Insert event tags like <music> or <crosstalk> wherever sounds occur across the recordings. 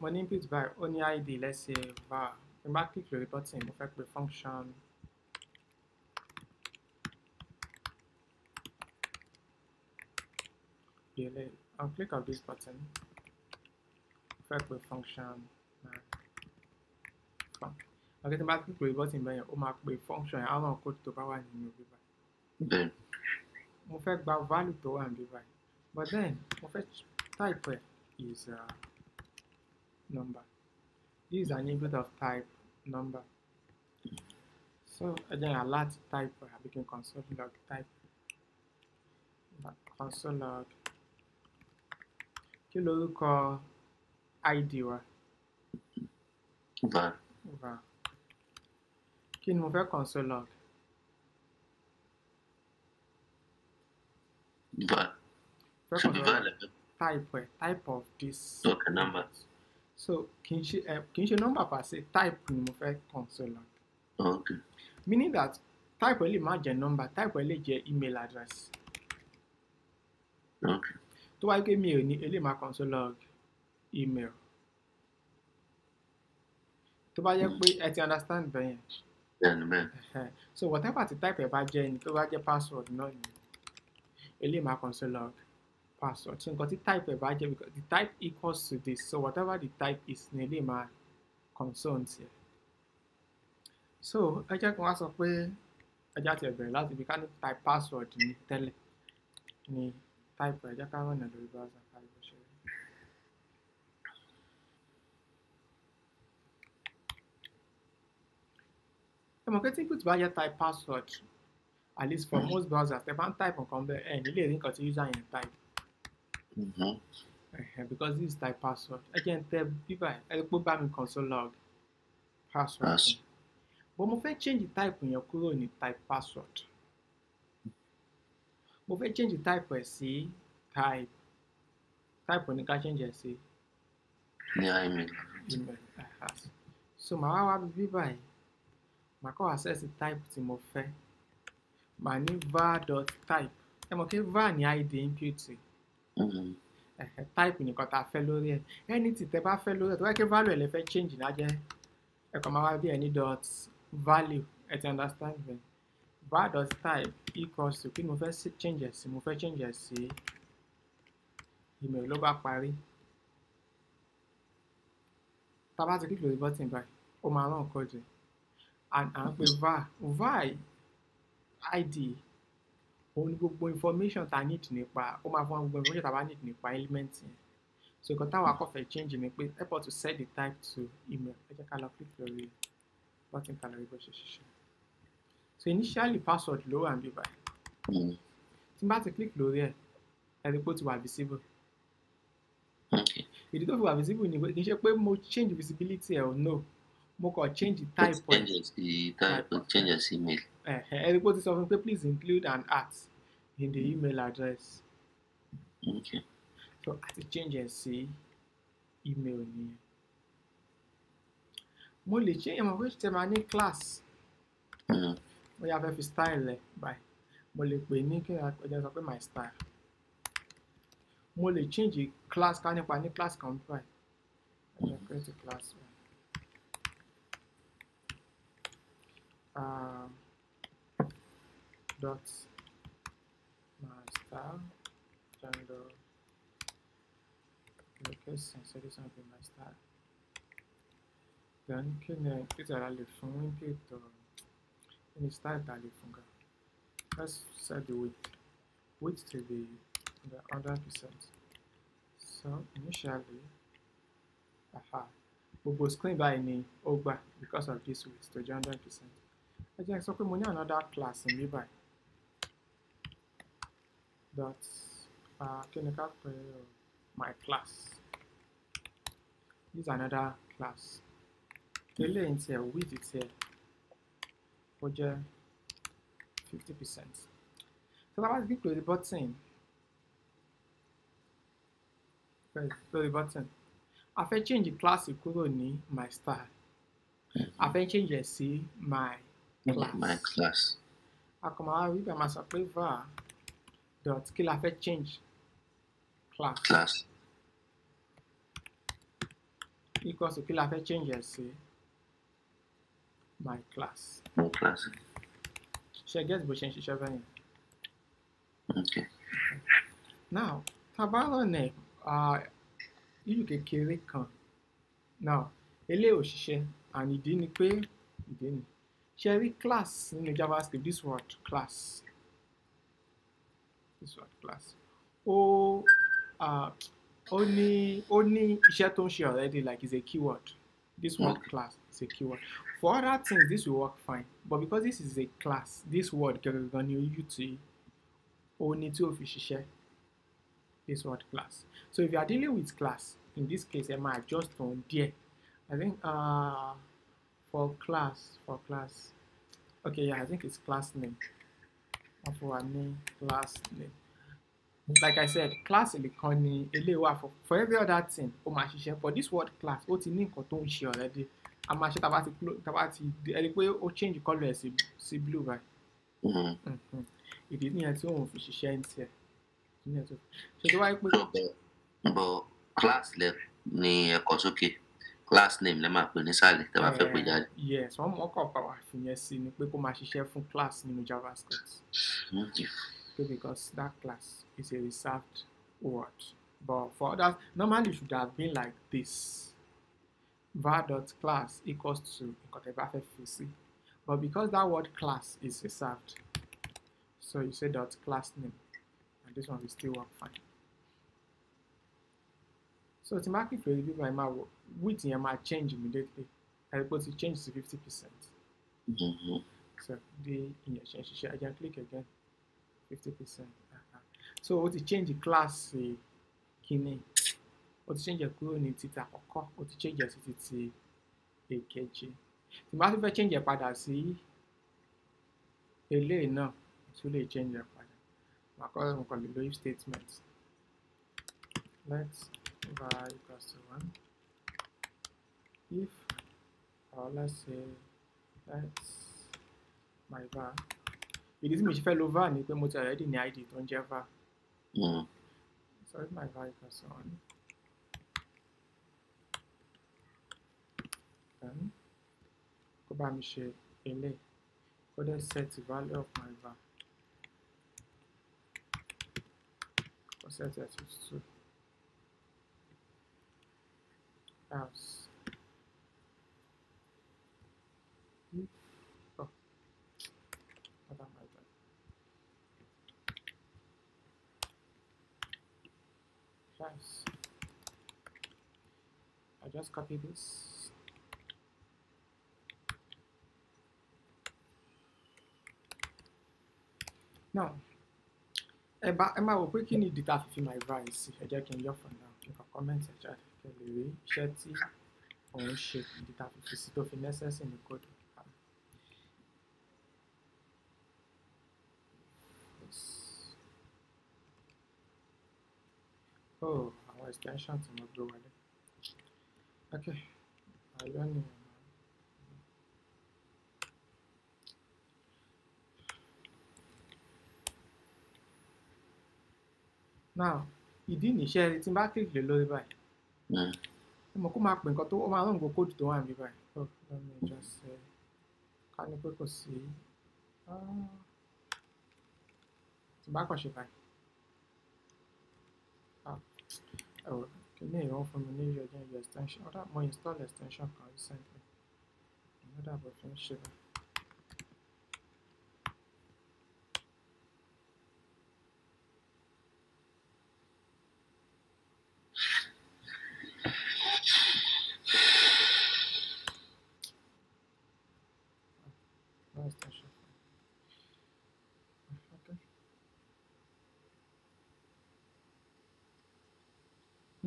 mo input bar ó id let's say bar, mo bá click the button mo fẹ́ pe function PLA I click on this button mo fẹ́ pe function fun ọ̀gẹ́ tí n bá click lórí button bẹ́yẹn ó máa pe function yẹn àwọn code tó bá wà nínú bíbá mo fẹ́ gba value tó wà níbí báyìí but then mo fẹ́ type ẹ̀ is. Uh, number. This is an input of type number. So again, a lot type uh, between console log type console log kí call id wa. var. var. kí ni console log. var. var type type of this. token numbers. so kì í ṣe eh, kì í ṣe nọ́mbà pàṣẹ type ni mo fẹ́ console out. Ah, okay. meaning that type ẹ lè má jẹ́ nọ́mbà type ẹ lè email address. Ah, okay. tó wáyé pé mi ò ní eléyìí máa console out email. tó bá yẹ pé ẹ ti understand bẹ́ẹ̀ yẹn. so whatever ti type ẹ bá jẹ́ ni tó bá jẹ́ password náà ni eléyìí máa console out password so nǹkan tí type of bá because the type equals to this so whatever the type is ni my concerns here. so I just want to say, I just have ẹ̀bẹ̀rẹ̀ láti ibi type password ní tell me type ẹja ká rọ̀nà lórí browser ká lè ṣe rí. ẹ mọ̀ type password at least for hmm. most browsers ẹ bá type on bẹ́ẹ̀ ẹ̀ nílé rí nǹkan tí user yẹn type Mm-hmm. because this is thy password ẹ jẹ́ n tẹ bíbá ẹ rí pé console log password but mo fẹ́ change type yẹn kúrò ní type password mo fẹ́ change type ẹ̀ sí type type ní ká change ẹ̀ sí. Yeah, I mean. so my wife, wá bíbá yìí màá kọ́ access type tí mo fẹ́ màá ní var dot type ẹ mọ̀ pé var ní id imputing. Mm-hmm. Type nìkan tá a fẹ́ lórí ẹ̀ anything tẹ́ bá fẹ́ lórí ẹ̀ tó wáyé pé value ẹ̀ lè fẹ́ change náà jẹ́ ẹ̀kọ́ máa wá bí ẹni dot value ẹ̀ ti understand bẹ́ẹ̀ var dot type equals to kí ni mo fẹ́ change ẹ̀ sí mo fẹ́ change ẹ̀ sí email ló bá parí tá bá ti click lórí button báyìí ó máa rán nǹkan jẹ à ń pè var var id òun ni gbogbo information ta need nípa ó máa fún wa gbogbo information ta bá need nípa element yẹn so nǹkan táwọn akọ́fẹ́ change ni pé airport to set the type to email ẹ jẹ́ ká lọ click lórí button ká lọ bó ṣe ṣiṣẹ́ so initially password ló wà níbí báyìí hmm. tí n bá ti click lórí ẹ ẹ rí pé ó ti wà visible hmm. ìdí tó fi wà visible ni kì í ṣe pé mo change visibility ẹ o no mo kàn change type ẹ change sí type change sí email. ẹni pé ó ti sọ fún mi please include an at in the hmm. email address. Okay. so àti change ẹ sí email nìyẹn. mo change. ṣe ìmọ̀ pé tẹ̀ máa ní class. mo hmm. yà fẹ́ fi style ẹ̀ báyìí mo lè pè ní kí ẹjẹ sọ pé my style mo lè change class ká nípa ní class kan báyìí ẹjẹ create class báyìí. Um. dot master gender. location So this of the master then kí ni títà a lè fún wíńdíètò kí ni style a lè fún gan let's set the width width to be the hundred percent so initially aha gbogbo screen by ni ó gbà because of this width to be hundred percent ẹ jẹ́ sọ pé mo another class níbí báyìí that kí ni my class this another class eléyìí tiẹ̀ width tiẹ̀ ó jẹ́ fifty percent tí a bá ti button pè é button a fẹ́ change class kúrò ní my style a fẹ́ change ẹ̀ my class. my class. a kò máa rí ibẹ̀ máa dot kí la fẹ́ change class. class. equals to kí la fẹ́ change ẹ̀ sí my class. my class. ṣe get bó ṣe ń Now, bẹ́yẹn. okay. now tabalọ́nẹ̀ ìlú kékeré kan now eléyìí òṣìṣẹ́ àní ìdí ni pé ìdí ni ṣe rí class nínú javascript this word class this word class Oh, ó only only. ní iṣẹ́ tó already like is a keyword this word class is a keyword for other things this will work fine but because this is a class this word can ni oyu ti ó ní tí ó fi ṣiṣẹ́ this word class so if you are dealing with class in this case ẹ máa adjust on there. i think. Uh, for class for class okay yeah i think it's class name Not for name, class name like i said class nìkan ni eléyìí wà for for every other thing ó máa ṣiṣẹ́ for this word class ó ti ní nǹkan tó ń ṣe already a máa ṣe tá a bá ti tá a bá ti ẹni pé ó change colour ẹ̀ sí sí blue right mm-hmm. mm-hmm. ìdí nìyẹn tí òun fi ṣiṣẹ́ ń tiẹ̀ ṣe tó wáyé pé. bọ class lẹ ní ẹ̀kọ́ sókè class name lẹ máa pè nísàlẹ̀ tẹ́ bá fẹ́ pè eh, jáde. yes wọn mọ ọkọ pàwọ àfihàn sí ni pé kó máa ṣiṣẹ́ fún class nínú javascript. okay. because that class is a reserved word but for others normally it should have been like this var dot class equals to nǹkan tẹ́ bá fẹ́ fi sí but because that word class is reserved so you say dot class name and this one will still work fine. so tí máa kí pé bí báyìí máa wọ width yẹn máa change immediately ẹ̀rí pé ó ti change to fifty percent mm-hmm. so bí ìyẹn ṣe ń ṣiṣẹ́ ẹ jẹ́ click again fifty percent so ó ti change class kínní ó ti change kúrò ní títà àkọ́kọ́ ó ti change sí títí èkejì tí máa tún fẹ́ change padà sí eléyìí náà tún lè change padà màá kọ́ ẹ̀rọ nǹkan lè lo if statement Let's var equals to one if or let's say let's my var ìdí tí mo ṣe fẹ́ lo var ni pé mo ti already ní id tó ń jẹ́ var hmm. so if my var equals one then kó bá mi ṣe eléyìí kó set the value of my var kó set it to two else. just copy this now ẹ bá ẹ máa wò pé kí ni ìdí tá fi my vice ẹ jẹ́ kí n yọ̀ fún náà kí n kàn comment ẹ̀ jáde kí ẹ lè rí iṣẹ́ tí òun ṣe ìdí tá fi fi sí fi necessary ní code. Oh, our extension to not go away. Okay, Alone. Euh, now ìdí nìṣẹ́ tí n bá kéèké lórí báyìí ẹ mọ̀ kó máa pè nǹkan tó ó máa rọ̀ǹgò kóòdù tó wà ní báyìí oh, uh, ká ní pé kò sí ah. tí n bá kàn ṣe báyìí. Ah. Oh. Eléyìí ó fún mi ní yóò jẹ́ extension. Ó dà, mo install extension can recently. Ó dàbọ̀ Another ń ṣe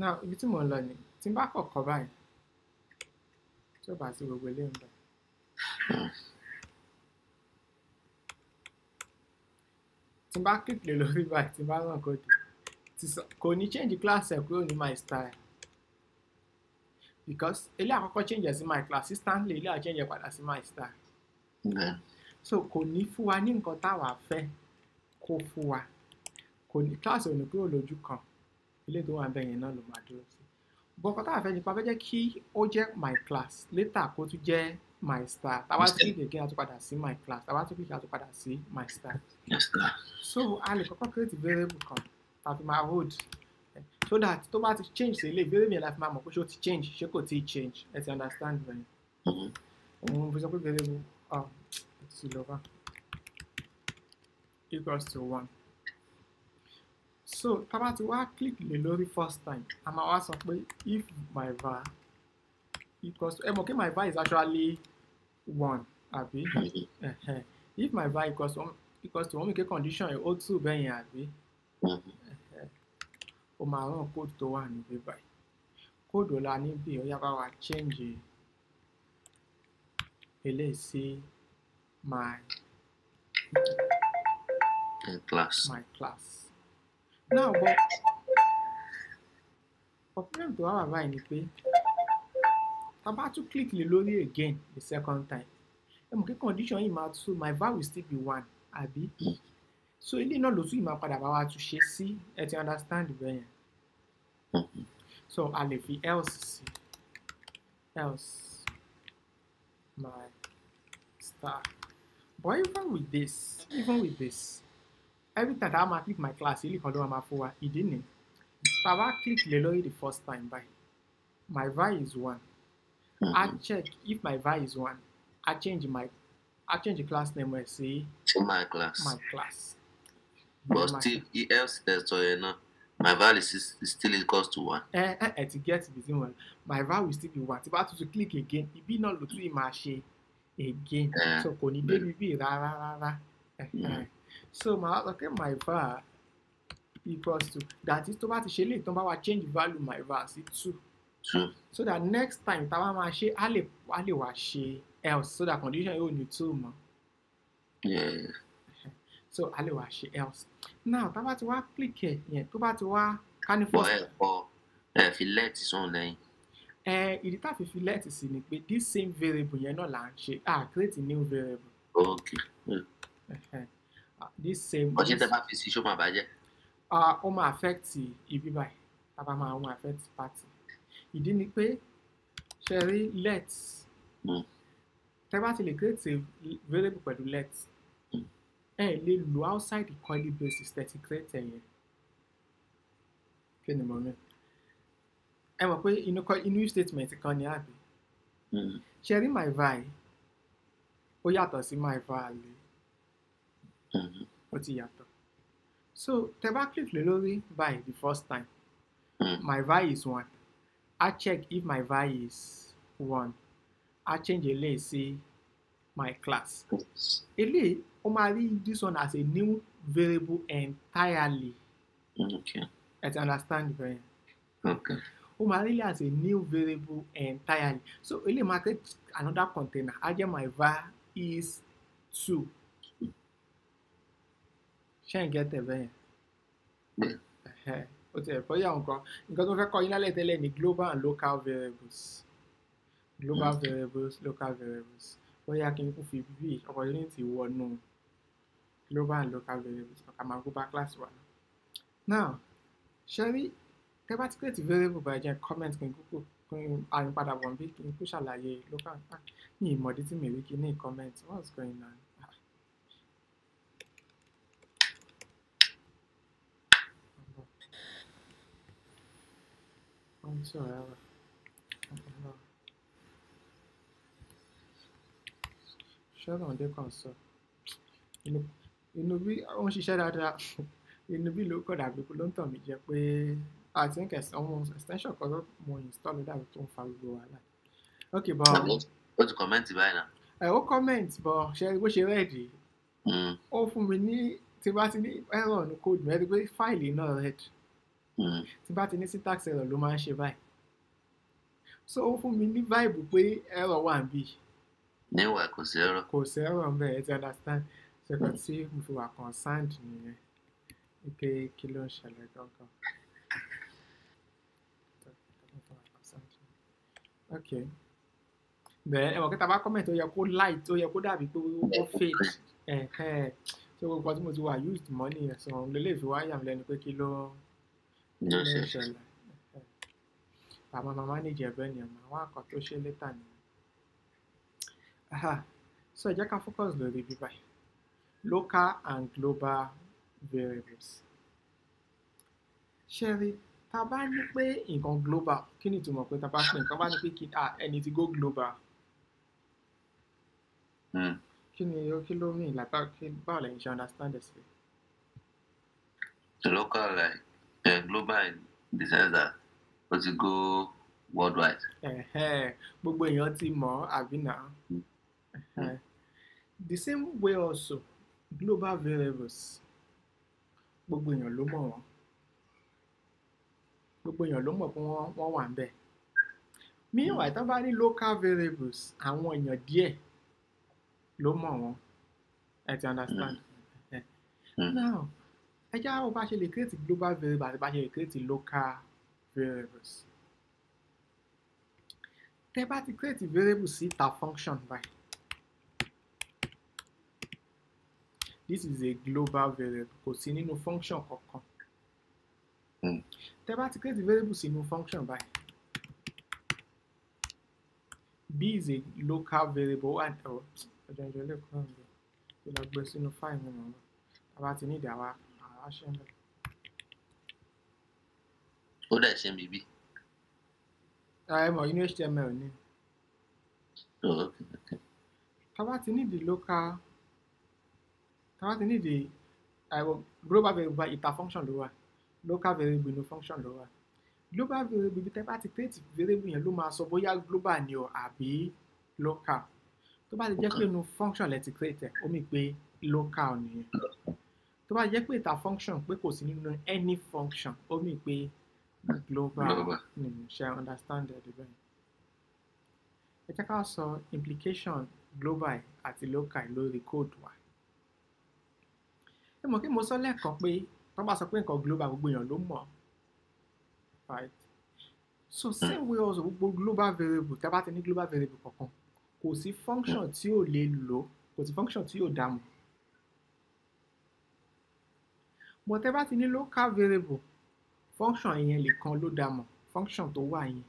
now ibi tí mò ń lọ ni tí n bá kọ̀kọ́ báyìí tí ó bá sí gbogbo ilé ń bọ̀ tí n bá kíkìlè lórí báyìí tí n bá ràn kóòdù kò ní change class ẹ̀ kúrò ní my style because ilé àkọ́kọ́ change ẹ̀ sí my class instantly ilé àkọ́kọ́ change ẹ̀ padà sí my style so kò ní fún wa ní nǹkan táwa fẹ́ kó fún wa kò ní class ò ní kúrò lójú kan ilé tó wà bẹ́yẹn náà ló máa dúró sí bọ́kọ́ tá a fẹ́ nípa fẹ́ jẹ́ kí ó jẹ́ my class later kó tún jẹ́ my star tàbá tún kíkì kí a tún padà sí my class tàbá tún kíkì kí a tún padà sí my star so a lè kọ́kọ́ create variable kan tàbí máa hold so that tó bá ti change sí ilé variable yẹn la fi máa mọ̀ pé ṣé ó ti change ṣé kò tí change ẹ ti understand bẹ́ẹ̀ mm-hmm. òun fi sọ pé variable um, equals to one so tá bá ti wá click lé lórí first time a máa wá sọ pé if my var equals to ẹ mọ̀ pé my var is actually one àbí if my var equals to equals to one wíkẹ́ condition ẹ̀ ó tù bẹ́yẹn àbí ó máa rán code tó wà níbí báyìí code ọ̀la níbí ó yá bá wa change eléyìí sí my class my class. Now, but problem tó wà wà báyìí ni pé tá to click lé lórí again the second time ẹ mọ̀ kí condition yìí máa tún my value will still be one àbí so ilé náà ló tún yìí máa padà bá wa tún ṣe sí ẹ ti understand bẹ́ẹ̀ so a lè fi else sí else my star but even with this even with this every time tá a click my class yìí nìkan ló máa a wa ìdí ni tá a click the lórí the first time báyìí my value is one mm -hmm. i check if my value is one i change my i change the class name ẹ sí my class my class but my still else ẹ̀sọ́ yẹn náà my value is, is still equals to one. Eh, eh, eh. To get the one, my value will still be one tí bá tún click again it be not tún to máa ṣe again eh, so kò ní débi bíi rárá rárá. Eh, eh. Hmm so màá sọ pé my var equals to that is tó bá ti ṣe lè tán bá wa change value my var sí two so that next time tá a bá máa ṣe á lè á lè wá ṣe else so that condition yóò ní two mọ́ so á lè wá ṣe else now tá a bá ti wá click ẹ yẹn tó bá ti wá carnivore. ẹ ọ ẹ fi let sùn lẹ́yìn. ẹ ìdí tá a fi fi let sí ni pé this same variable yẹn náà là ń ṣe ah create a new variable. okay. Yeah. Hmm. Ah, this same. ọṣẹ tẹ bá fi sí ṣó máa bàjẹ́. Ah, ó máa affect ibi báyìí tàbá máa ń affect party ìdí ni pé ṣe rí let hmm. tẹ bá ti lè create a variable pẹ̀lú let hmm. ẹ lè lo outside the curly braces tẹ ti create yẹn kí ni mo rí ẹ mọ̀ pé inú if statement kan ni àbí hmm. ṣe rí my vi ó yàtọ̀ sí my vale ó ti yàtọ̀ so tẹ bá click lé lórí buy the first time hmm. my buy is one i check if my buy is one i change eléyìí sí my class eléyìí ó máa rí this one as a new variable entirely okay. i understand very okay. ó máa rí eléyìí as a new variable entirely so eléyìí máa take another container i get my var is two ṣẹ́yìn gẹ́tẹ̀ bẹ́yẹn ó ti ẹ̀fọ́ yà nǹkan nǹkan tó fẹ́ kọ́ yín lálẹ́ tẹ́lẹ̀ ni global and local variables global hmm. variables local variables bóyá kí n kú fi bí opportunity wọnú global and local variables ọ̀ka máa gbó bá class wa now ṣẹ́rí tẹ́ bá ti create variable by jẹ́ comment kí n kúkú kí n àyípadà bọ̀ bí kí n kú ṣàlàyé local ní ah, ìmọ̀dí tí mi rí kí ní comment what's going on. 工作了。ṣẹ́ràn dé kàn sọ inú bí ó ń ṣiṣẹ́ dáadáa inú bí ló kọ̀dà gbogbo ló ń tàn mí jẹ pé àti ń kẹsàn-án mo extension kan tó mo install dàbí tó ń fa gbogbo wàhálà. ok bọ́ ó ti kọ́mẹ́ǹtì báyìí náà. ẹ ó kọ́mẹ́ǹtì bọ́ ṣe bó ṣe rẹ́ẹ̀dì hmm. ó fún mi ní tí bá ti ní ẹ̀rọ ní kóòdù Hmm. tí bá ti ní syntax error ló máa ń ṣe báyìí so ó fún mi ní vibe pé error wà ń bì. níwà kò sí error. kò sí error ń bẹ̀ ẹ ti understand ṣẹkọ tí mo fi wà concerned nìyẹn wípé kí ló ń ṣẹlẹ̀ gangan. okay bẹ́ẹ̀ ẹ̀wọ̀n kí taba comment ó yẹ kó light ó yẹ kó dàbí pé ó fade ẹ̀hẹ́n so gbogbo ọtí mo ti wà used money ẹ̀sán lélẹ́ẹ̀fẹ́ wáyà mi lẹ́nu pé kí ló ń ilé ìṣẹ̀lẹ̀ àmọ́ ní ìjẹ̀bẹ́ ni ọmọ àwọn àkọ́ tó ṣe létà ni so ẹ jẹ́ ká focus lórí bíbá local and global variables ṣe rí tá a bá ní pé nǹkan global kí ni ìtumọ̀ pé tá a bá pè nǹkan bá ní pé kí ẹni tí go global hmm. kí ni o kí ló mean like báwo lẹ́yìn ṣe understand ẹ̀ sí. local like uh, global in the sense that ó ti go worldwide. gbogbo èèyàn ti mọ̀ àbí nà mm-hmm. the same way also global variables gbogbo èèyàn ló mọ̀ wọ́n gbogbo èèyàn ló mọ̀ pé wọ́n wà ń meanwhile tó bá ní local variables àwọn èèyàn díẹ̀ ló mọ̀ wọ́n ẹ ti understand mm. now ẹ já wò bá ṣe lè create global variable àti bá ṣe lè create local variables tẹ bá ti create variable sí ta function báyìí this is a global variable kò sí nínú function kankan hmm. tẹ bá ti create variable sínú function báyìí b is a local variable and oh, ọjọ́ ìjọ lẹ́kọ̀ọ́ ọ̀hún ló la gbé sínú fáìlì náà tá a bá ti ní ìdáwà. ആശയങ്ങൾ Ó dẹ̀ ṣe bíbí. Àìmọ̀ inú HTML ni. Oh, tá bá ti nídìí local tá bá ti nídìí àìmọ̀ global variable ìta function ló local variable inú function ló Global variable ibi tẹ́ bá ti create variable yẹn ló máa sọ bóyá global ni o àbí local. Tó bá ti jẹ́ pé inú function lẹ ti create ẹ̀ ó mì pé local nìyẹn tó bá jẹ́ pé ìta function pé kò sí nínú any function ó mì pé global ni ṣe understand ẹ̀ débẹ̀ ẹ jẹ́ ká sọ implication global àti local lórí code wa ẹ mọ̀ kí mo sọ lẹ́ẹ̀kan pé tó bá sọ pé nǹkan global gbogbo èèyàn ló mọ̀ right so same way also gbogbo global variable tá a bá ti ní global variable kankan kò sí function tí ò lè lò kò sí function tí ò dá mọ̀ but tẹ́ bá ti ní local variable function yẹn nìkan ló dá mọ̀ function tó wà yẹn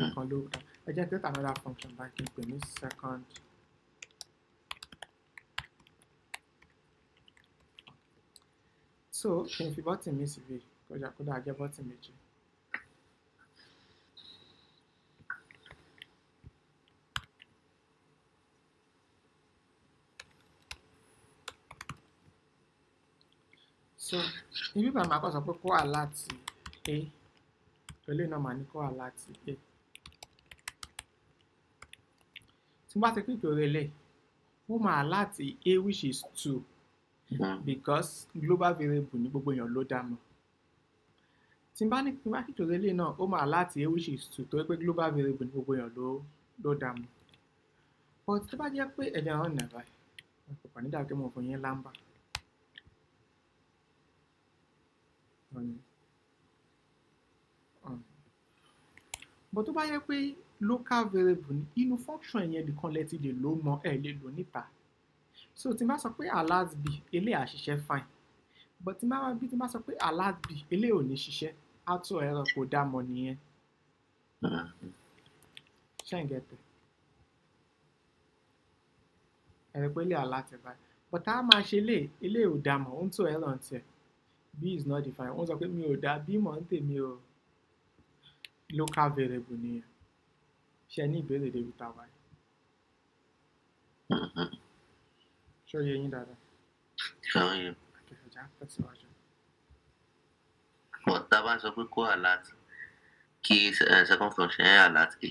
nìkan ló dá ẹ jẹ́ tẹ́tà another function bá kí n pè ní second so kí n fi bọ́tì mi síbi kọjá kódà jẹ́ bọ́tì méjì. so if you máa kọ́ sọ pé kó wà a eléyìí náà máa ní kó wà a So wọ́n the ti kíkì orí ilé ó a which is two because global variable ní gbogbo èèyàn ló dá mọ̀ tí n bá ní tí n bá kíkì orí ilé náà a which is two to pé global variable ní gbogbo èèyàn ló ló dá mọ̀ but tó bá jẹ́ pé ẹ̀jẹ̀ àwọn ọ̀nà báyìí ọ̀pọ̀ nígbà tí mo fún yín lámbà. bó tó bá yẹ pé local variable ni inú function yẹn nìkan lẹ ti lè lò mọ ẹ lè lò níta so tí n bá sọ pé alert b eléyà ṣiṣẹ́ fine but tí n bá wá bí tí n bá sọ pé alert b eléyà ò ní ṣiṣẹ́ á tún ẹ̀rọ kò dá mọ nìyẹn ṣẹ́ǹgẹ̀tẹ̀ ẹ̀rọ pé eléyà alert báyìí but a máa ṣe eléyà eléyà ò dá mọ ohun tó ẹ̀rọ ń tiẹ̀ b is not defined wọ́n sọ pé mi ò dá b mọ̀ ń tèmi o local variable nìyẹn ṣe ní ìbéèrè débi tá a wáyé ṣó yẹ yín dáadáa. ṣáwọn yẹn. akẹ́kọ̀ọ́ já tẹ̀síwájú. bọ̀ tá a bá sọ pé kó alert kí second function yẹn alert kì.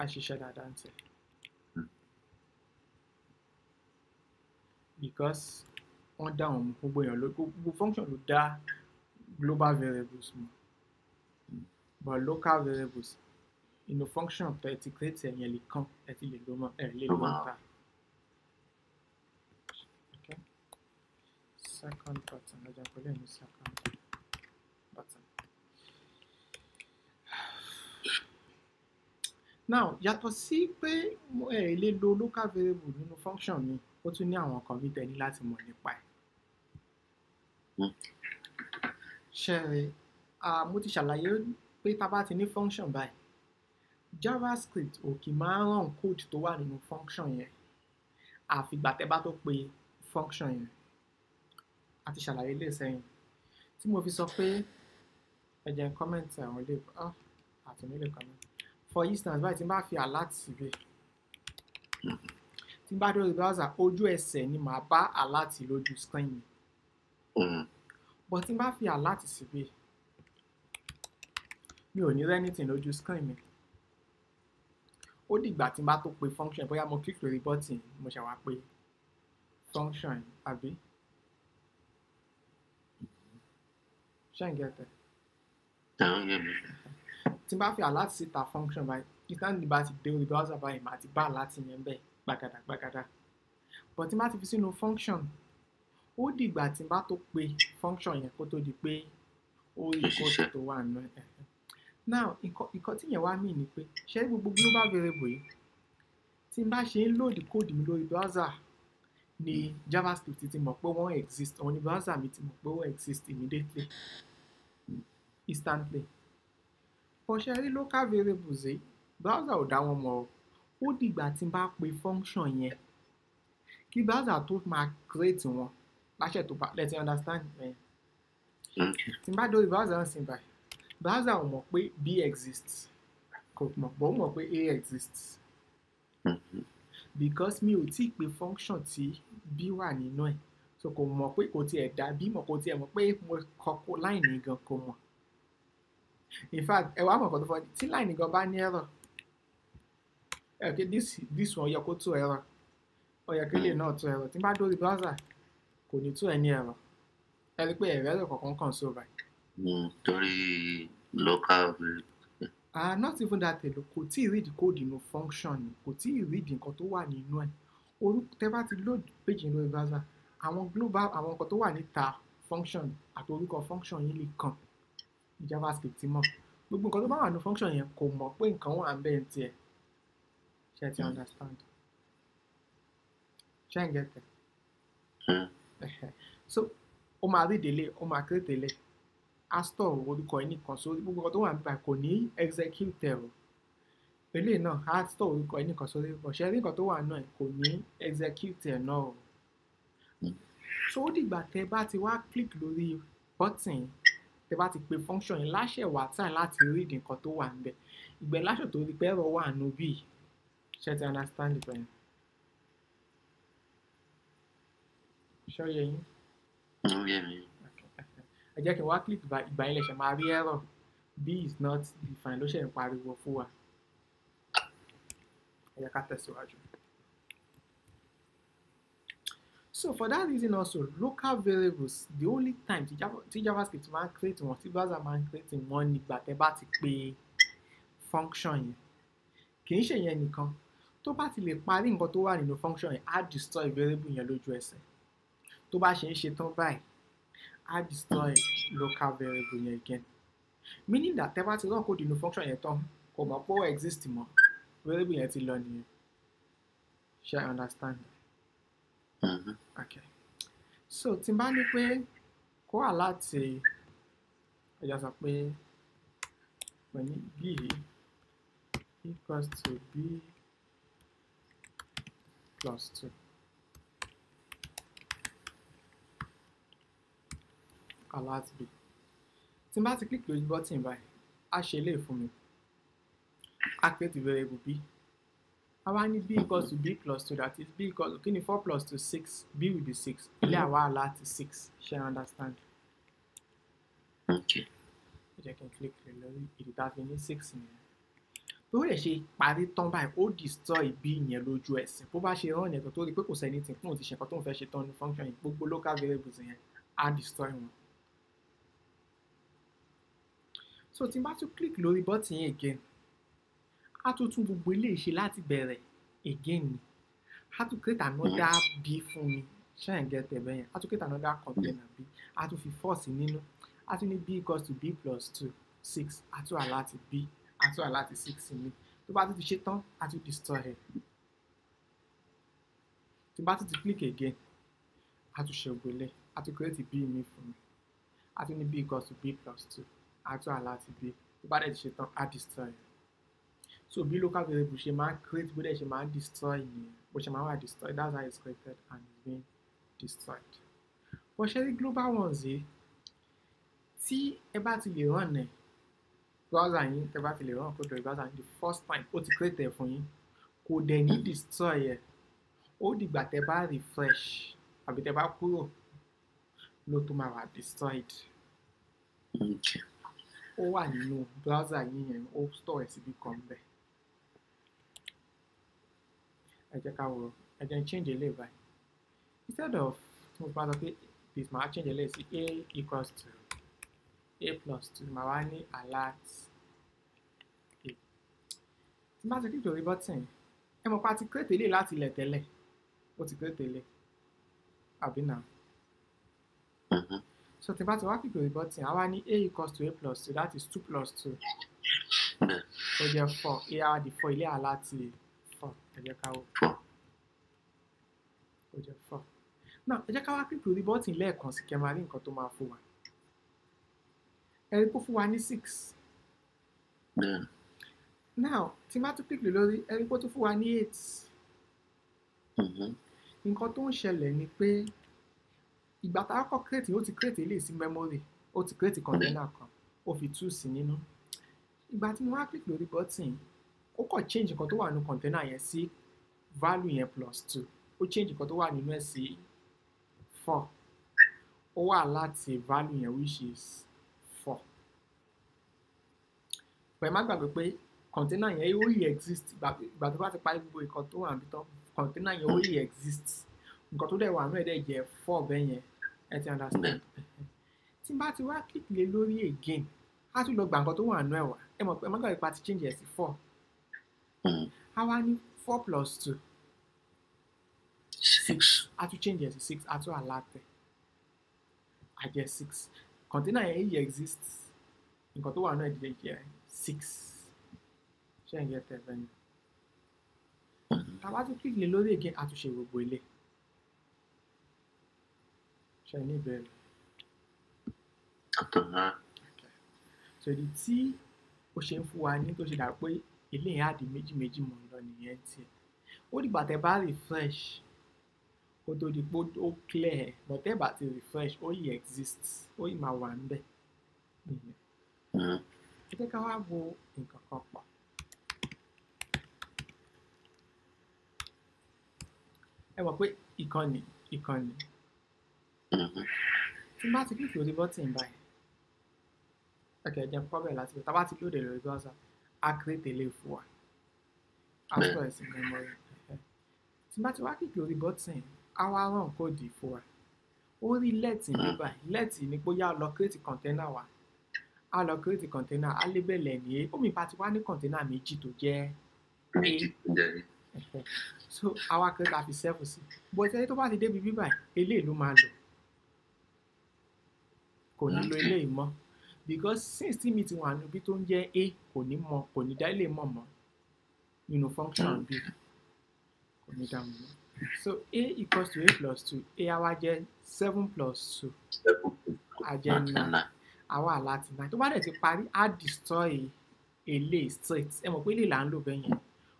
a ṣiṣẹ́ dáadáa ń tẹ̀. Hmm. because wọ́n dá àwọn gbogbo èèyàn gbogbo function ló dá global variables mọ̀ but local variables inú function tẹ ti create ẹ̀yẹn lè kàn ẹ ti lè lo mọ ẹ lè lo mọta. second button ọjà pẹ̀lú ẹ̀mí second button. now yàtọ̀ sí pé ẹ lè lo local variable nínú function mi ó tún ní àwọn nǹkan mi tẹ ní láti mọ̀ nípa ẹ̀. Hmm. ṣẹ́rí mo ti ṣàlàyé pé tá a bá ti ní function báyìí javascript ò kì máa ń run code tó wà nínú function yẹn àfìgbà tẹ́ bá tó pe function yẹn a ti ṣàlàyé lè sẹ́yìn tí mo fi sọ pé ẹ jẹ́ comment àwọn ilé ọ àti nílé comment for instance báyìí tí n bá fi alert síbi hmm. tí n bá dé orí browser ojú ẹsẹ̀ ni màá bá alert lójú screen yìí Mm. but tí n bá fi alert síbi mi ò ní anything lójú screen mi ó dìgbà tí n bá tó pe function bóyá mo click lórí button mo ṣe wá pé function àbí ṣé n gẹ́tẹ̀. tí n bá fi alert síta function báyìí ìtàn ìbá ti dé orí browser báyìí màá ti bá alert yẹn bẹ́ẹ̀ gbàgàdà gbàgàdà tí n bá ti fi sínú function ó dìgbà tí n bá tó pe function yẹn kó tó di pé ó ìkọ́sí tó wà nù ẹ̀ now nǹkan tí yẹn wá mí ni pé ṣé gbogbo global variable yìí tí n bá ṣe ń lòdì kóòdù mi lórí browser ni javascript ti mọ̀ pé wọ́n exist òun ni browser mi ti mọ̀ pé wọ́n exist immediately instantly ọ̀ṣẹ́ rí local variables yìí browser ò dá wọn mọ̀ ó dìgbà tí n bá pe function yẹn kí browser tó máa create wọn láṣẹ tó bá lẹ́tí understand yẹn mm. tí n bá dórí browser ń sìn báyìí browser ò mọ̀ pé b exists kò mọ̀ pé ó a exists mm-hmm. because mi ò tí ì pe function tí b wà nínú ẹ̀ so kò mọ̀ pé kò tiẹ̀ dá b mọ̀ kò tiẹ̀ mọ̀ pé mo kọ́kọ́ láìní gan kò mọ̀ in fact ẹ wá mọ̀ kó tó fọ́ tí láìní gan bá ní error okay this this one ó yẹ kó tó error ó yẹ kí lè mm. náà tó error tí n kò ní tó ẹ̀ ní ẹ̀rọ ẹ rí i pé ẹ̀rẹ́ lè kọ̀ọ̀kan kàn so right. torí local ah not even that alone kò tí ì read code inú function ni kò tí ì read nǹkan tó wà nínú ẹ̀ orúkọ tẹ́ bá ti load page inú browser àwọn global àwọn nǹkan tó wà níta function àti orúkọ function yìí lè kàn ní javascript mọ́ gbogbo nǹkan tó bá wà ní function yẹn kò mọ̀ pé nǹkan wà ń bẹ́ẹ̀ tiẹ̀ ṣe ti hmm. understand ṣe ń gẹ̀tẹ̀ so ó máa rí ìdílé ó máa kéré tẹ́lẹ̀ astor orúkọ yìí nìkan so gbogbo ọkọ tó wà nípa kò ní execute ẹ o eléyìí náà astor orúkọ yìí nìkan so ọ̀ṣẹ́ nìkan tó wà náà kò ní execute ẹ náà o hmm. so ó dìgbà tẹ bá ti wá click lórí button tẹ bá ti pe function yìí láṣẹ wà time láti rí nǹkan tó wà níbẹ̀ ìgbẹ́ láṣẹ tó rí pẹ́ẹ́rọ wà nù bí ṣe ti understand it bẹ́ẹ̀. Show you. yín. ó yẹ mi. ẹ jẹ́ kí n wá clip ìgbà yín lẹ́sẹ̀ máa rí b is not defined ló ṣe ń pariwo fún wa ẹ jẹ́ ká tẹ̀síwájú. So for that reason also, local variables, the only time tí, JavaScript man ń create wọn, tí browser máa ń create wọn ni ìgbà tẹ́ bá ti pè function yẹn. Kì í ṣe yẹn nìkan. Tó bá ti lè parí nǹkan tó wà function yẹn, destroy variable yẹn lójú ẹsẹ̀ tó bá ṣe ń ṣe tán báyìí á destroy local variable yẹn again meaning that tẹ́ bá ti rán kóòdù inú function yẹn tán kò mọ̀ pé ó exist mọ́ variable yẹn ti lọ nìyẹn ṣe I understand? Mm-hmm. okay so tí n bá ní pé kó wà láti ẹja sọ pé pè b equals to b plus two. alert b tí n bá ti click lórí button báyìí a ṣe eléyìí fún mi a create variable b a wá ní b equals to b plus two that is b equals to kí four plus two six b will be six ilé àwa alert six ṣe i understand. Okay. ẹ jẹ́ kí n click lórí ìdí tá a fi ní six nìyẹn bó lè ṣe parí tán báyìí ó destroy b yẹn lójú ẹsẹ̀ bó bá ṣe rán yẹn tó rí pé kò sẹ́ni tí kún òtí ṣe nǹkan tó ń fẹ́ ṣe tán ní function yìí gbogbo local variables yẹn á destroy wọn so tí n bá tún click lórí button yẹn again a tún tún gbogbo ilé ṣe láti bẹ̀rẹ̀ again ni a tún create another b fún mi ṣé ẹ̀ ń gẹ́ tẹ̀ bẹ́yẹn a tún create another container b a tún fi four sí nínú a tún ní b equals to b plus two six a tún wà láti b a tún wà láti six mi tó bá tún ti ṣe tán a tún destroy ẹ̀ tí n bá tún ti click again a tún ṣe ògbélé a tún create b mi fún mi a tún ní b equals to b plus two àtọ́ àlá ti dé tó bá dẹ̀ ti ṣe tán á destroy ẹ̀ so bí local variable ṣe máa create bó dẹ̀ ṣe máa destroy yẹn bó ṣe máa wà destroyed that's how it's created and it's being destroyed bó ṣe rí global ones yìí tí ẹ bá ti lè ràn ẹ̀ browser yín tẹ bá ti lè ràn kódò browser yín the first time ó ti create ẹ̀ fún yín kò dẹ̀ ní destroy ẹ̀ ó dìgbà tẹ bá refresh àbí tẹ bá kúrò ló tó máa wà destroyed. Hmm ó wà nínú browser yín yẹn ó store ẹ̀ síbi kan bẹ́ẹ̀ ẹ jẹ́ ká wo ẹ jẹ́ change eléyìí báyìí instead of mo bá sọ pé this máa change eléyìí sí a equals to a plus two máa wá ní alert a tí bá ti click lórí button ẹ mọ̀ pa ti create eléyìí láti ilẹ̀ tẹ́lẹ̀ ó ti create eléyìí àbí náà. Mm-hmm. So tí n bá ti wá pípé òyìnbó tí àwa ní a equals to a plus two that is two plus two. So, jẹ́ four a á di four ilé àlá ti four ẹ jẹ́ ká wò. Ó jẹ́ four. Now ẹ jẹ́ ká wá pípé òyìnbó tí lẹ́ẹ̀kan sí kẹ́mà rí nǹkan tó máa fún wa. Ẹ kó fún wa ní six. Now tí n bá tún pípé lórí ẹ kó tún fún wa ní eight. Mm-hmm. Nǹkan tó ń ṣẹlẹ̀ ni pé ìgbà tá a kọ́ create ó ti create eléyìí sí memory ó ti create container kan ó fi two sí nínú ìgbà tí mo wá click lórí button ó kàn change nǹkan tó wà nínú container yẹn sí value yẹn plus two ó change nǹkan tó wà nínú ẹ̀ sí four ó wà láti value yẹn which is four pẹ̀lú má gbàgbé pé container yẹn ó yẹ exist ìgbà tó bá ti parí gbogbo ìkan tó wà níbi tán container yẹn ó yẹ exist nǹkan tó dẹ̀ wà náà dẹ̀ jẹ́ four bẹ́ẹ̀ yẹn ẹ ti understand mm. tí n bá ti wá click lé lórí again á tún lọ gba nǹkan tó wà náà wá ẹ mọ̀ pé ẹ mọ̀ pa ti change ẹ̀ sí four á mm. wá ní four plus two six á tún change ẹ̀ sí six á tún àlàtẹ̀ á jẹ́ six container yẹn yìí exist nǹkan tó wà náà dẹ̀ jẹ́ six ṣé ẹ̀ ń yẹ tẹ̀ bẹ́ẹ̀ ni tàbá tún click lé lórí again á tún ṣe gbogbo ilé ṣe ní ìbẹ̀rẹ̀. ọ̀tọ̀ náà. so ìdí tí ó ṣe ń fún wa ní tó ṣe dà pé ilé yẹn àdì méjì méjì mọ̀ lọ nìyẹn tiẹ̀ ó dìgbà tẹ́ bá refresh ó tó di pé ó clear but tẹ́ bá ti refresh ó yìí exist ó yìí máa wà níbẹ̀ nìyẹn. ẹ jẹ́ ká wá wo nǹkan kan pọ̀. ẹ wọ pé ìkànnì Mm-hmm. tí n bá ti kíkì orí bọ́tìn báyìí ẹ̀kẹ́ jẹ́ pọ́bẹ̀ láti pé tábà ti lóde lórí browser á create lè fún wa app mm. store is in memory tí n bá ti wá kíkì orí bọ́tìn á wá ràn kóòdì fún wa ó rí lẹ́ẹ̀tì ní mm. báyìí lẹ́ẹ̀tì ní bóyá lọ create container wa á lọ create container á lébẹ̀lẹ̀ ní e omi bá ti wá ní container méjì tó jẹ́ méjì tó jẹ́ <laughs> so àwa create àfi sẹ́fù sí bó ṣe tó bá ti débi bíbáyìí eléyìí ló máa lò kò nílò eléyìí mọ́ because since tí mi ti wà níbi tó ń jẹ́ a kò ní mọ kò ní dá ilé mọ̀ mọ́ nínú function b kò ní dá mọ̀ mọ́ so a equals to a plus two a wá jẹ́ seven plus two a jẹ́ nine àwa àláti nine tó bá dẹ̀ ti parí a destroy ele straight ẹ mọ̀ pé ele là ń lò bẹ́yẹn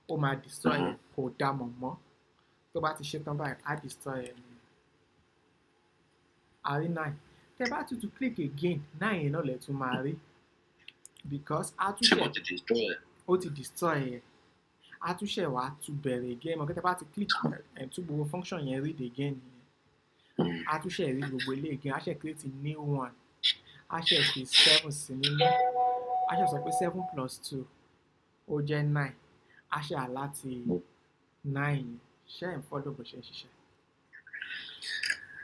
ó máa destroy kò dá mọ̀ mọ́ tó bá ti ṣe tán báyìí a destroy ẹ̀ ní àrí nine tẹ bá tutù click again náà yẹn náà lè tún máa rí because àtúnṣe ṣé mo ti destroy ẹ ó ti destroy ẹ àtúnṣe wa tún bẹ̀rẹ̀ again mọ̀ kẹ́tẹ́ bá ti click ẹ̀ tún gbogbo function yẹn read again yẹn àtúnṣe rí gbogbo ilé again àṣẹ create a new one àṣẹ fi seven sí nínú àṣẹ sọ pé seven plus two ó jẹ́ nine àṣẹ àláti nine ṣe ń fọ́dọ̀ bó ṣe ń ṣiṣẹ́.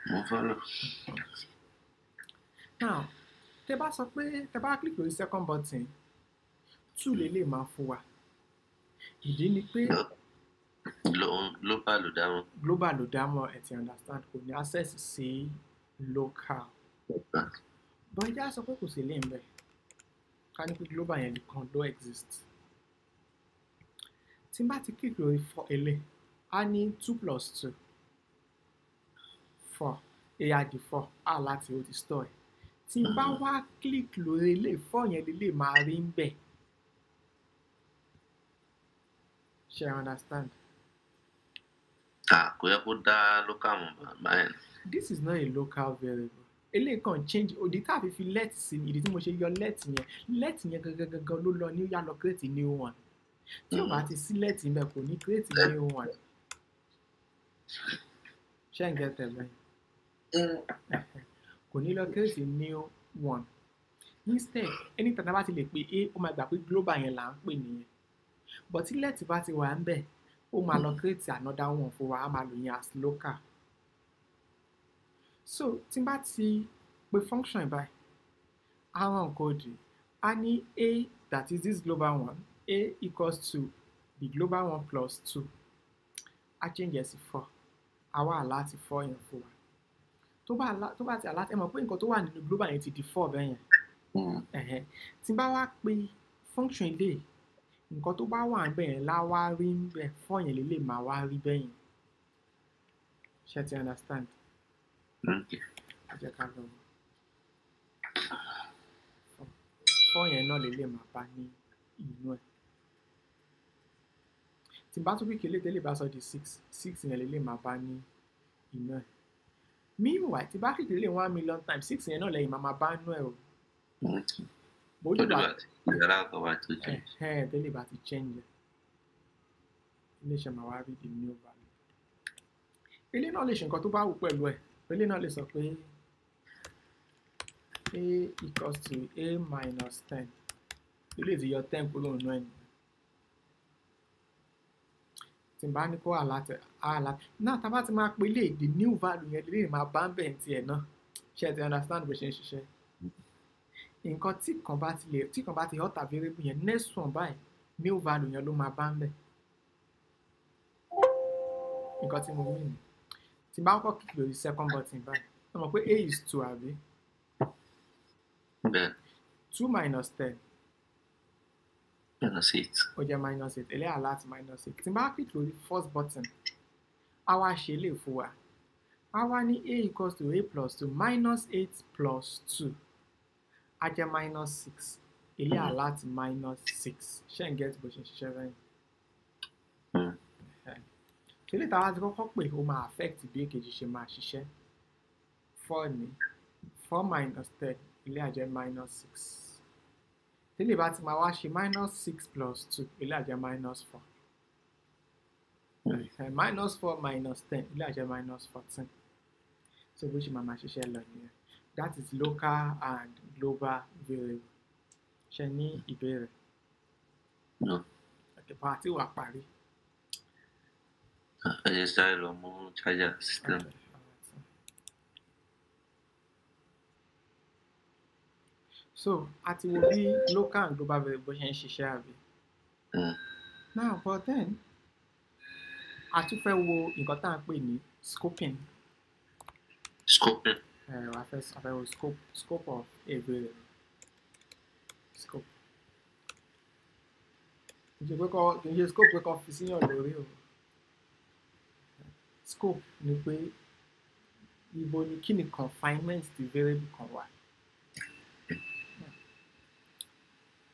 mo fọ́lọ̀ now tẹ bá sọ pé tẹ bá click lórí second button two lè lè máa fún wa ìdí ni pé. global ló dá mọ̀. global ló dá mọ̀ ẹ ti understand kò ní access sí local. bọ́jà sọ pé kò sí lè ń ká ní pé global yẹn nìkan ló exist tí n bá ti click lórí four ele a ní two plus two four èyí á di four a láti o ti store ẹ̀ tí n bá ah. wá click lórí ilé ìfọ́ yẹn lè máa rí ń bẹ̀ ṣe understand. Ah, kò yẹ kó dá local mọ̀ báyẹn. this is not a local variable eléyìí kan change òdì tá a fi fi let sí ìdí tí mo ṣe yọ let yẹn let yẹn gangan gangan ló lọ ní ó yá create new one tí o bá mm-hmm. ti sí let mẹ kò ní create new one ṣé n gẹ tẹ̀lé kò ní lọ create a new one instead anytime tá a bá ti lè pe a ó máa gbà pé global yẹn là ń pè nìyẹn but tí let bá ti wà ń bẹ̀ ó máa lọ create another one for wa á máa lò yẹn as local so tí n bá ti pe function by báyìí á ràn ní a that is this global one a equals to the global one plus two á change ẹ̀ sí four á wà láti four yẹn fún wa tó bá tó bá ti àlàtẹ mọ̀ pé nǹkan tó wà nínú global yẹn ti di four bẹ́ẹ̀ yẹn hmm. tí bá wá pe function ilé nǹkan tó bá wà níbẹ̀ yẹn láwá rí níbẹ̀ four yẹn lè máa wá rí bẹ́ẹ̀ yẹn ṣe ti understand. Hmm. four yẹn náà lè lè máa bá ní inú ẹ̀ tí bá tún bí kele tẹ́lẹ̀ bá sọ di six six yẹn lè lè máa bá ní inú ẹ̀ meanwhile tí bá kékeré one million times six yẹn náà lẹ́yìn màmá bá nú ẹ o. bójú bá ìyára ọkọ wa tó jẹ. tẹ́lẹ̀ bá ti change iléeṣẹ́ màá wá rí the new value. ilé náà lè ṣe nǹkan tó bá wù pẹ̀lú ẹ̀ ilé náà lè sọ pé a equals to a minus ten ilé ìdíyọ ten kúrò nínú ẹ̀ nìyẹn tí n bá ní kó àlàtẹ àlàtẹ náà tá a bá ti máa pe léè the new value yẹn léè máa bá ń bẹ̀ ní tiẹ̀ náà ṣe ti understand bó ṣe ń ṣiṣẹ́ nǹkan tí kan bá ti lè tí kan bá ti hot available yẹn next one báyìí new value yẹn ló máa bá ń bẹ̀ nǹkan tí mo mí nì tí n bá kọ́ kíkì lórí second button báyìí ẹ mọ̀ pé a is two àbí two minus ten minus eight. ó jẹ́ minus eight eléyà láti minus eight tí n bá click lórí first button a wá ṣe lè fún wa a wá ní a equals to a plus two minus eight plus two a jẹ́ minus six eléyà láti minus six ṣé n get bó ṣe ṣiṣẹ́ bẹ́ẹ̀ hmm. tẹ́lẹ̀ tá a ti kọ́kọ́ pè ó máa affect bí èkejì ṣe máa ṣiṣẹ́ four ni four minus ten ilé àjẹ́ minus six tẹ́lẹ̀ bá ti máa wá ṣe minus six plus two ilé àjẹ́ minus four hmm. eh, minus four minus ten ilé àjẹ́ minus fourteen so bó ṣe máa máa ṣiṣẹ́ lọ nìyẹn that is local and global variable ṣe ní ìbéèrè ọ̀kẹ́pọ̀ àti wà parí. Ah, ẹ ṣe sáré lọ mú charger system. Okay. so ati ti wo bí local and global variable ṣe ń ṣiṣẹ́ àbí. Hmm. now but then a tún fẹ́ wo nǹkan tá à ń pè ní scoping. scoping. ẹ wà fẹ́ a fẹ́ wo scope scope of a variable scope. kì í ṣe pé kọ́ kì scope pé kọ́ fi síyàn lórí o scope ni pé ibo ni kí ni confinement ti variable kan wà.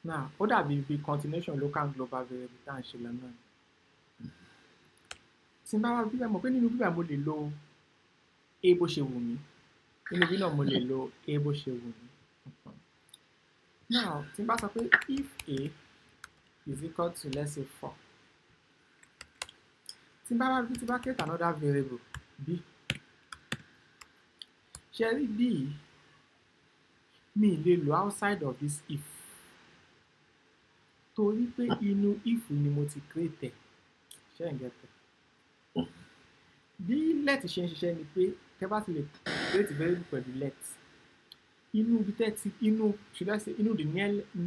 Now, ó dàbí ibi continuation local and global variable tá à ń ṣe lọ náà tí n bá wá bíbẹ̀ mọ̀ pé nínú bíbẹ̀ mo lè lo a bó ṣe wù mí nínú bí náà mo lè lo a bó ṣe wù mí now tí n bá sọ pé if a is equal to let's say four tí n bá wá bí tí n bá create another variable b ṣe rí b mi lè lo outside of this if torí pé ah. inú if ni mo ti create ẹ̀ ṣé ẹ̀ ń gẹ̀tẹ̀. bí let ṣe ń ṣiṣẹ́ ni pé tẹ́ bá ti lè create variable pẹ̀lú let inú ibi tẹ́ ti inú should I say inú the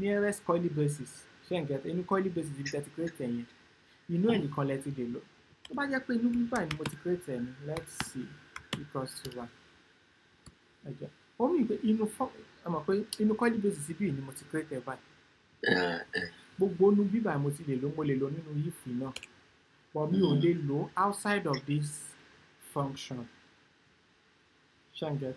nearest curly braces ṣé ẹ̀ ń gẹ̀tẹ̀ inú curly braces ibi tẹ́ ti create yẹn inú ẹ̀ nìkan lẹ ti lè tó bá jẹ́ pé inú bíbá ni mo ti create ni let's see Because to one ẹ̀jẹ̀ ó mì pé inú ẹ mọ̀ pé inú curly braces ibi ni mo ti create báyìí. Ah, eh gbogbo inú bíbà mo ti lè lò mo lè lò nínú if náà but mi ò mm-hmm. lè lò outside of this function ṣé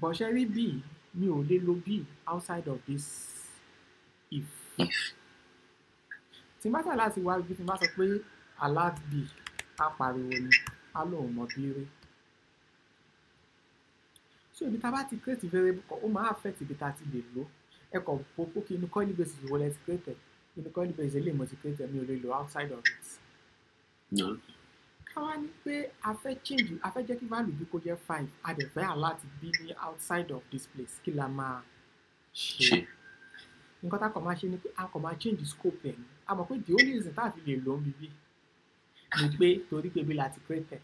but ṣe rí b mi ò lè lò b outside of this if tí n bá tà láti wá bí tí n bá sọ pé alert b á pariwo ni á lóun mọ bí rí so ibi tá a bá ti create variable kan ó máa affect ibi tá a ti lè lò ẹ kàn fò pé kí inú curly braces wọlé ti created inú curly braces lè mọ̀ ti created mi ò lè lò outside of it. káwá ní pé a fẹ́ change a fẹ́ jẹ́ kí value bí kò jẹ́ five a dẹ̀ fẹ́ aláàtì bí ní outside of this place kí la máa ṣe nǹkan tá a kàn máa ṣe ni pé a kàn máa change scope ẹ̀ ni a mọ̀ pé the only reason tá a fi lè lò ó ń bíbí ni pé torí pé bí la ti created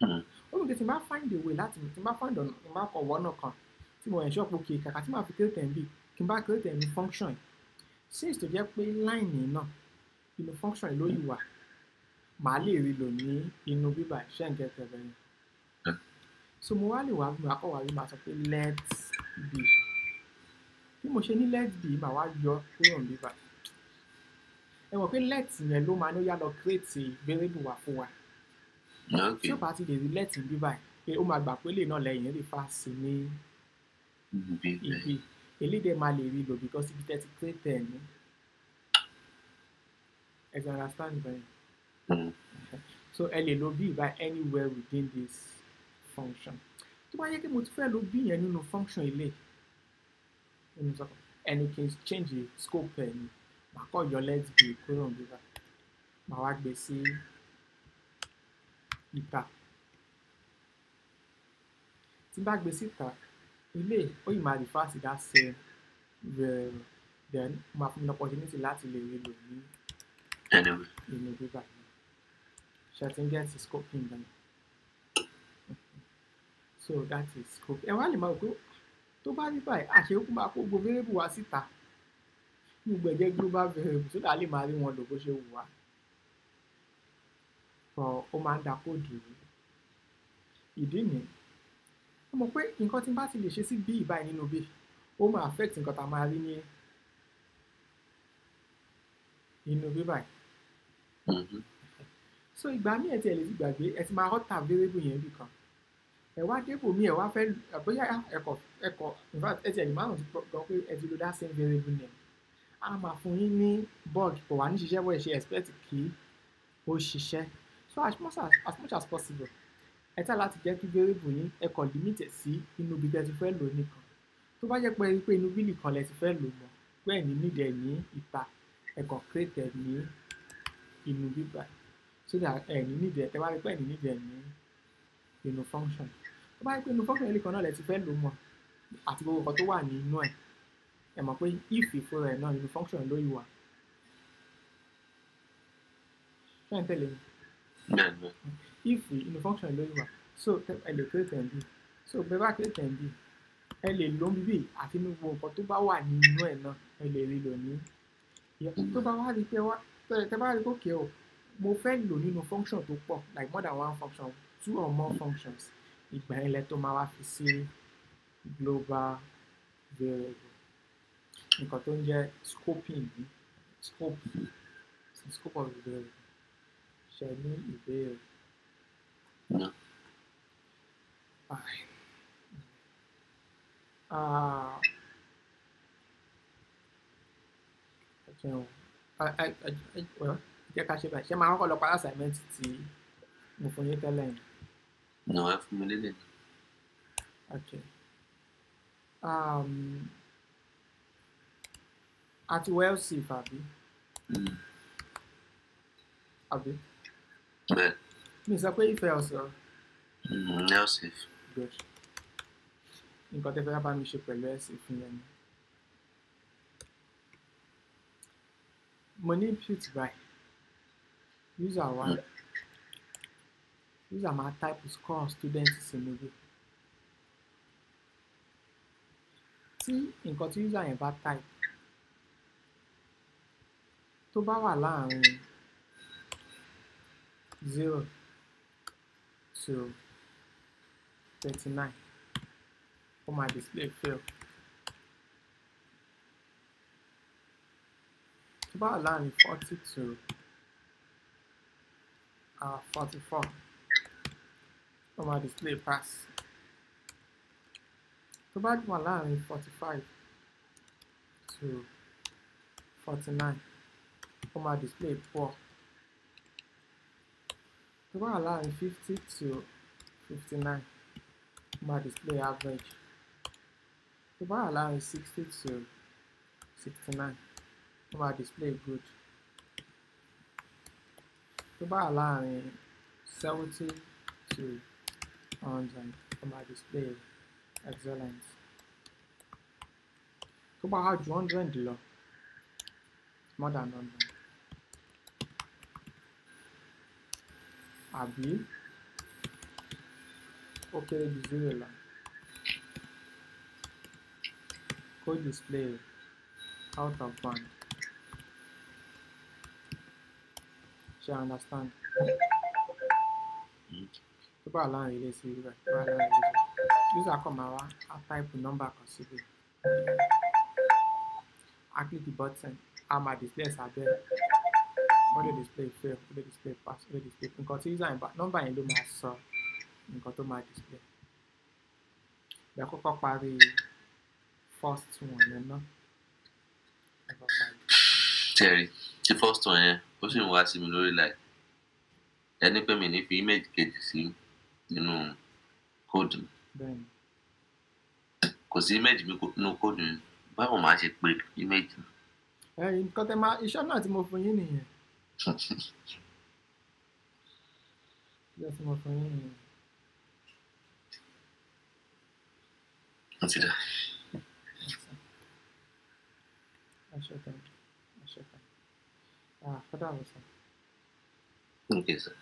hmm. ó tí n bá find a way láti tí n bá find ọ̀nà tí n bá kọ̀ wọ́nà kan tí mo ensure pé kí kàkà tí màá fi created bíi tí n bá create a function yìí since tó jẹ́ pé line yìí náà inú function yìí ló yìí wà màá lè rí lò ní inú bíbà ṣé n kẹkẹ bẹ so mo wá lè wá gbà kọ́ wá rí màá sọ pé let be bí mo ṣe ní let be màá wá yọ kúrò ní bíbà ẹ mọ̀ pé let yẹn ló máa ní ó yá lọ create variable wà fún wa ah, tí ó bá ti lè rí let bíbà yìí pé ó máa gbà pé lè náà lẹ́yìn rí fa sí ní ibi eléyìí dẹ̀ máa lè rí lò because ibi tẹ́ ti create ẹ̀ ní ẹ ti understand bẹ́ẹ̀ hmm. so ẹ lè lo b by anywhere within this function tó bá yẹ kí mo ti fẹ́ lo b yẹn nínú function ilé nínú sọ́kọ̀ ẹni kí n change the scope ẹ̀ ní màá kọ́ yọ let be kúrò nígbà màá wá gbé sí ìta tí n bá gbé síta. Si you may or you di refer to that same realm then o máa fún mi ní opportunity láti lè rí lò ní inú gbígbà yìí ṣe ti ń get scoping down so that is scope ẹ wá lè máa gbó tó bá rí báyìí àṣẹ ó kú máa kó gbogbo variable wá síta ní gbogbo ẹ̀jẹ̀ global variable so that lè máa rí wọn lò bó ṣe wù wá ọ ó máa ń da kóòdù ìdí nìyí ó mọ̀ pé nǹkan tí bá ti lè ṣe sí b báyìí nínú b ó máa affect nǹkan tá a máa rí ní nínú b báyìí mm-hmm. so ìgbà míì ẹ ti ẹ lè gbàgbé ẹ ti máa alter variable yẹn bìkan ẹ wá débò míì ẹ wá fẹ́ bóyá ẹkọ ẹkọ in fact ẹ ti ẹ lè máa ti gbọ́ pé ẹ ti lo that same variable name a máa fún yín ní bug kò wá ní ṣiṣẹ́ bó ẹ ṣe expect kí ó ṣiṣẹ́ so as much as, as much as possible ẹ tà láti jẹ́ kí variable yín ẹ kàn limit ẹ̀ sí inú ibi tẹ́ ti fẹ́ lò nìkan tó bá jẹ́ pé ẹ rí pé inú bílì kan lẹ ti fẹ́ lò mọ́ bẹ́ẹ̀ ni nídẹ̀ ní ìta ẹ kàn create ẹ̀ ní inú bíbá so that ẹ ní nídẹ̀ tẹ́ bá rí pé ẹ ní nídẹ̀ ní inú function tó bá jẹ́ pé inú function yẹn kan náà lẹ ti fẹ́ lò mọ́ àti gbogbo nǹkan tó wà nínú ẹ̀ ẹ mọ̀ pé if ìfúnra ẹ̀ náà inú function ló yìí wà ṣé ẹ ń tẹ̀lé mi if inú function ló wà so ẹ lè create nd so bẹ́ẹ̀ bá create nd ẹ lè lo ń bíbí àti inú gbogbo nǹkan tó bá wà nínú ẹ̀ náà ẹ lè rí lò ní tó bá wá rí tẹ bá rí gòkè o mo fẹ́ lò nínú function tó pọ̀ like more than one function two or more functions ìgbà yẹn lẹ tó máa wá fi sí global variable nǹkan tó ń jẹ́ scoping scope scope of the variable ṣe ní ìbéèrè. No. Fine. Uh, ṣeun jẹ́ ká ṣe báyìí ṣé máa kọ́kọ́ lọ pa assignment tí mo fún yín tẹ́lẹ̀ yẹn. nà á fún mi lélẹ̀. àti wẹ́ẹ̀sì fàbí. àbí. Mm. bẹ́ẹ̀ mi sọ pé ìfẹ́ ọ̀sán. Mm, ẹ ò sì. nǹkan tẹ́ fẹ́ bá mi ṣe pẹ̀lú ẹ̀sìn fún yẹn ni. mo ní input báyìí user wa user máa type score student sinubu tí nǹkan tí user yẹn bá tu tó bá wà láàrin zero. to 39 for my display field. about allowing to uh, 44 for my display pass. Provide one line 45 to 49 for my display port. Go align 50 to 59. My display average. Go by allowing 60 to 69. My display good. Go by allowing 70 to 100. My display excellent. Go by how 200 low. More than 100. àbí ó kéré ju zero lọ code display out of band ṣe understand tó bá láàrin ilé sí rẹ tó bá láàrin ilé sí user kan máa wá a type number kan síbi a click the button a máa display sábẹ́ rẹ̀ wọ́n display fail wọ́n display pass wọ́n display nǹkan tí user nọ́mbà yẹn ló máa sọ nǹkan tó máa display ìgbà kọ́kọ́ parí first one yẹn náà ẹ̀kọ́ parí. first one yẹn ó sì ń wá sí mi lórí láì ẹni pé mi ní fi image kejì sí nínú kóòdù kò sí image mi nínú kóòdù báwo máa ṣe pé image. ẹ nǹkan tẹ máa iṣẹ́ náà tí mo fún yín nìyẹn. Gracias, Rafael. こちら。あ、肌をさ。OK です。